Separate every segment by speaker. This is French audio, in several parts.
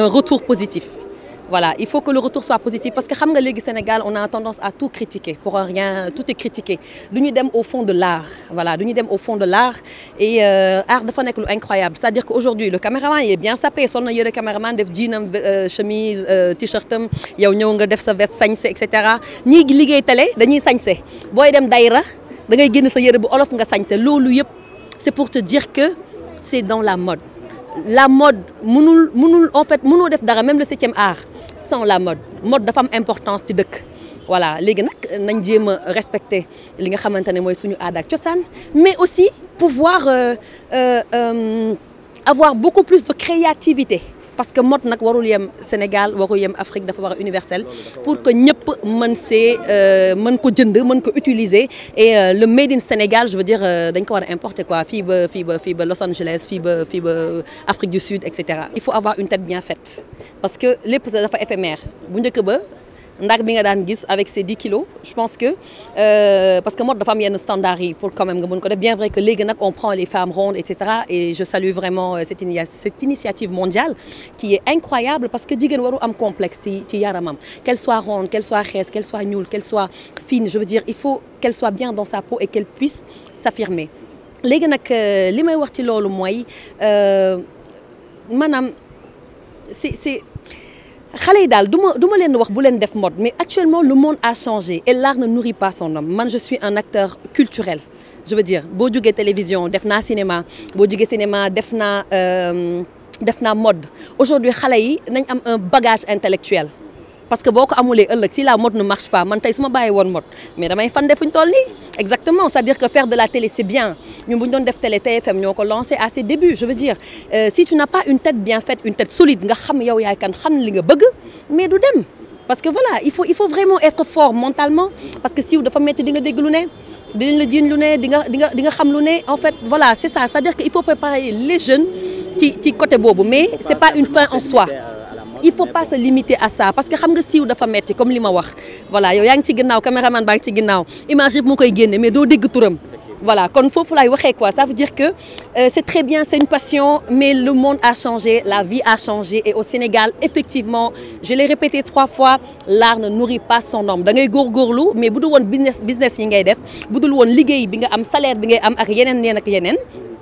Speaker 1: un retour positif. Voilà, il faut que le retour soit positif parce que xam nga Sénégal on a tendance à tout critiquer pour rien tout est critiqué nous sommes au fond de l'art voilà nous au fond de l'art et euh, art de fond incroyable c'est-à-dire qu'aujourd'hui le caméraman est bien sapé Son le caméraman de jeans, euh, chemise euh, t-shirtam yow a nga def sa veste sañse etc. cetera ñii liggéey télé dañuy sañse dem daira, sa bu olof nga c'est pour te dire que c'est dans la mode la mode mënul mënul en fait def dara même le 7 7e art sans la mode mode dafa am importance ci dëkk voilà léegi nag nañ respecter li nga xamante ne mooy suñu mais aussi pouvoir euh, euh, euh, avoir beaucoup plus de créativité parce que mode nak warul Sénégal warul yem Afrique dafa universel pour que nous mën see euh, mën ko utiliser et euh, le made in Sénégal je veux dire euh, dañ ko quoi fibre, fibre, fibre, Los Angeles fibre, fibre, Afrique du Sud etc. il faut avoir une tête bien faite parce que ça dafa éphémère bu njëkk ba avec ses 10 kilos je pense que euh, parce que mode dafa y a standard pour quand même que bien vrai que les on prend les femmes rondes etc. et je salue vraiment euh, cette cette initiative mondiale qui est incroyable parce que jigéen waru am complexe qu'elle soit ronde qu'elle soit xees qu'elle soit nulle qu'elle soit fine je veux dire il faut qu'elle soit bien dans sa peau et qu'elle puisse s'affirmer les nag euh, li wax c'est c'est xale dal, daal du vous mode mais actuellement le monde a changé et l'art ne nourrit pas son homme Moi je suis un acteur culturel je veux dire boo télévision defna cinéma boo cinéma defna euh, mode aujourd'hui xale yi un bagage intellectuel parce que boo ko amulee un si la mode ne marche pas man ne su pas bàyyi woon mode mais damay fande femme ñu toll exactement c'est-à-dire que faire de la télé c'est bien Nous avons ñu télé TFM avons lancé à ses débuts je veux dire euh, si tu n'as pas une tête bien faite une tête solide nga xam yow yaay kan xam li nga bëgg mais du dem parce que voilà il faut il faut vraiment être fort mentalement parce que si dafa metti di nga dégg lu ne dinañ la jiin lu en fait voilà c'est ça c'est-à-dire qu'il faut préparer les jeunes ci ci côté boobu mais c'est pas une fin en soi il faut pas se limiter à ça parce que xam nga dafa comme voilà ci caméraman baa ci image mais voilà quoi ça veut dire que euh, c'est très bien c'est une passion mais le monde a changé la vie a changé et au Sénégal effectivement je l'ai répété trois fois l'art ne nourrit pas son homme da ngay góorgóorlu mais vous avez business business yi ngay def salaire bi ngay am ak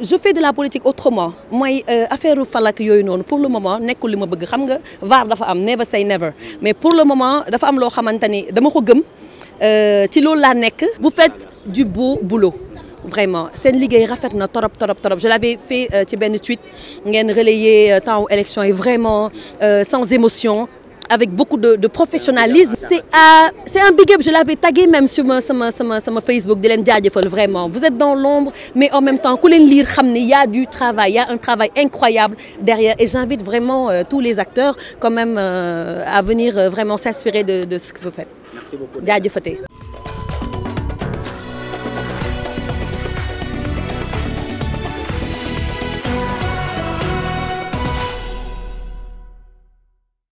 Speaker 1: je fais de la politique autrement Je euh, affaire falak pour le moment je ne sais xam VAR dafa never say never mais pour le moment je am euh, vous faites du beau boulot vraiment je l'avais fait euh, ci benn tweet relayer temps élection est vraiment sans émotion avec beaucoup de, de professionnalisme. Euh, c'est un big up, je l'avais tagué même sur mon, Facebook, Dylan Diadifol, vraiment. Vous êtes dans l'ombre, mais en même temps, il y a du travail, il y a un travail incroyable derrière. Et j'invite vraiment euh, tous les acteurs quand même euh, à venir vraiment s'inspirer de, de, ce que vous faites. Merci beaucoup.